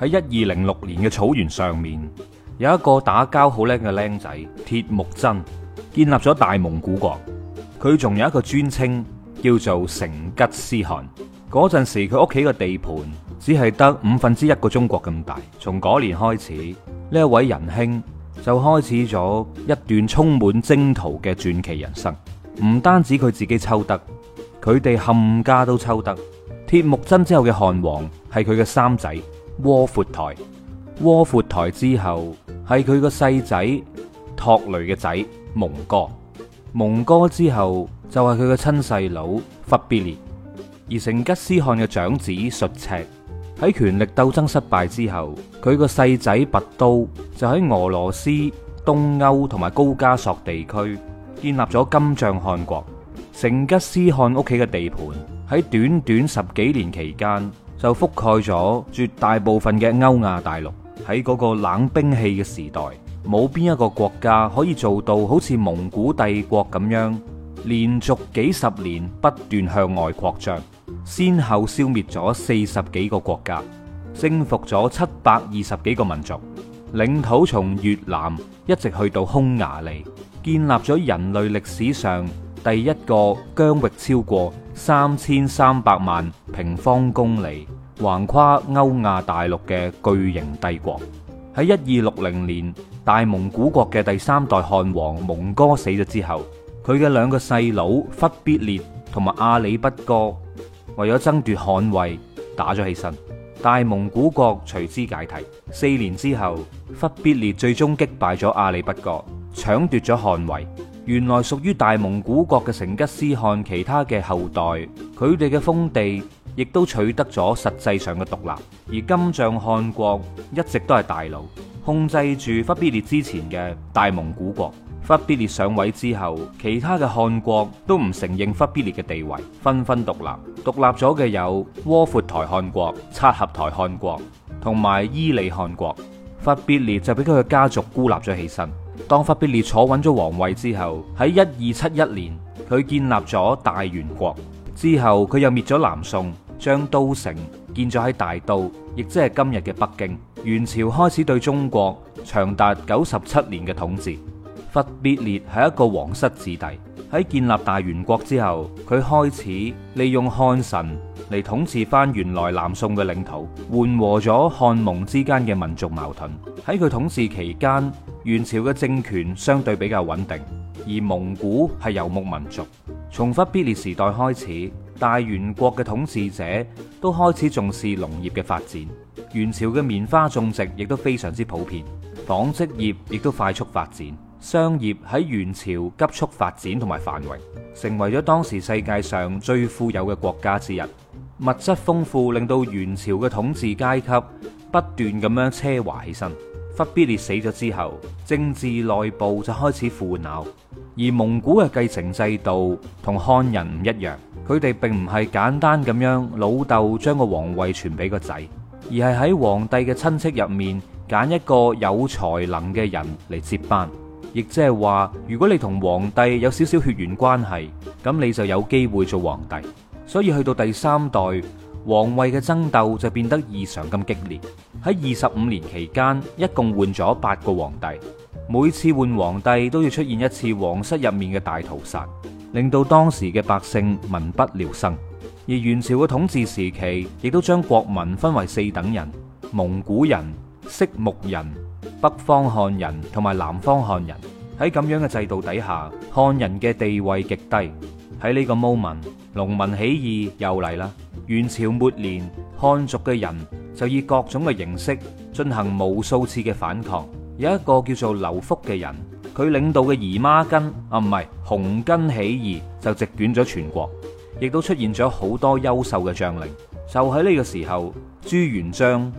喺一二零六年嘅草原上面，有一個打交好叻嘅僆仔鐵木真建立咗大蒙古國。佢仲有一個尊稱叫做成吉思汗。嗰陣時佢屋企嘅地盤只係得五分之一個中國咁大。從嗰年開始，呢一位仁兄就開始咗一段充滿征途嘅傳奇人生。唔單止佢自己抽得，佢哋冚家都抽得。鐵木真之後嘅汗王係佢嘅三仔。窩闊台，窩闊台之後係佢個細仔托雷嘅仔蒙哥，蒙哥之後就係佢個親細佬忽必烈，而成吉思汗嘅長子術赤喺權力鬥爭失敗之後，佢個細仔拔都，就喺俄羅斯東歐同埋高加索地區建立咗金帳汗國，成吉思汗屋企嘅地盤喺短短十幾年期間。就覆蓋咗絕大部分嘅歐亞大陸。喺嗰個冷兵器嘅時代，冇邊一個國家可以做到好似蒙古帝國咁樣，連續幾十年不斷向外擴張，先後消滅咗四十幾個國家，征服咗七百二十幾個民族，領土從越南一直去到匈牙利，建立咗人類歷史上第一個疆域超過。三千三百萬平方公里，橫跨歐亞大陸嘅巨型帝國。喺一二六零年，大蒙古國嘅第三代汗王蒙哥死咗之後，佢嘅兩個細佬忽必烈同埋阿里不哥為咗爭奪汗位打咗起身，大蒙古國隨之解體。四年之後，忽必烈最終擊敗咗阿里不哥，搶奪咗汗位。原來屬於大蒙古國嘅成吉思汗其他嘅後代，佢哋嘅封地亦都取得咗實際上嘅獨立。而金帳汗國一直都係大佬，控制住忽必烈之前嘅大蒙古國。忽必烈上位之後，其他嘅汗國都唔承認忽必烈嘅地位，紛紛獨立。獨立咗嘅有窩闊台汗國、察合台汗國同埋伊利汗國。忽必烈就俾佢嘅家族孤立咗起身。當忽必烈坐穩咗皇位之後，喺一二七一年，佢建立咗大元國。之後佢又滅咗南宋，將都城建咗喺大都，亦即係今日嘅北京。元朝開始對中國長達九十七年嘅統治。忽必烈係一個皇室子弟，喺建立大元國之後，佢開始利用漢臣嚟統治翻原來南宋嘅領土，緩和咗漢蒙之間嘅民族矛盾。喺佢統治期間，元朝嘅政權相對比較穩定，而蒙古係游牧民族。從忽必烈時代開始，大元國嘅統治者都開始重視農業嘅發展。元朝嘅棉花種植亦都非常之普遍，紡織業亦都快速發展。商業喺元朝急速發展同埋繁榮，成為咗當時世界上最富有嘅國家之一。物質豐富令到元朝嘅統治階級不斷咁樣奢華起身。忽必烈死咗之後，政治內部就開始腐朽，而蒙古嘅繼承制度同漢人唔一樣，佢哋並唔係簡單咁樣老豆將個皇位傳俾個仔，而係喺皇帝嘅親戚入面揀一個有才能嘅人嚟接班，亦即係話，如果你同皇帝有少少血緣關係，咁你就有機會做皇帝。所以去到第三代。皇位嘅爭鬥就變得異常咁激烈，喺二十五年期間，一共換咗八個皇帝，每次換皇帝都要出現一次皇室入面嘅大屠殺，令到當時嘅百姓民不聊生。而元朝嘅統治時期，亦都將國民分為四等人：蒙古人、色目人、北方漢人同埋南方漢人。喺咁樣嘅制度底下，漢人嘅地位極低。喺呢個 moment。農民起義又嚟啦！元朝末年，漢族嘅人就以各種嘅形式進行無數次嘅反抗。有一個叫做劉福嘅人，佢領導嘅姨媽巾，啊，唔係紅巾起義，就席捲咗全國，亦都出現咗好多優秀嘅將領。就喺呢個時候，朱元璋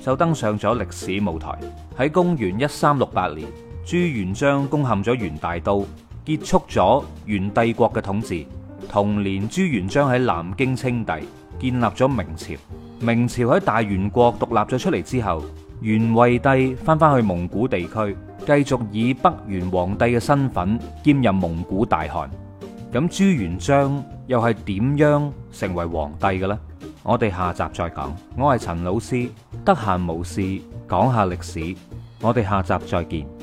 就登上咗歷史舞台。喺公元一三六八年，朱元璋攻陷咗元大都，結束咗元帝國嘅統治。同年，朱元璋喺南京稱帝，建立咗明朝。明朝喺大元國獨立咗出嚟之後，元惠帝翻返去蒙古地區，繼續以北元皇帝嘅身份兼任蒙古大汗。咁朱元璋又係點樣成為皇帝嘅咧？我哋下集再講。我係陳老師，得閒無事講下歷史。我哋下集再見。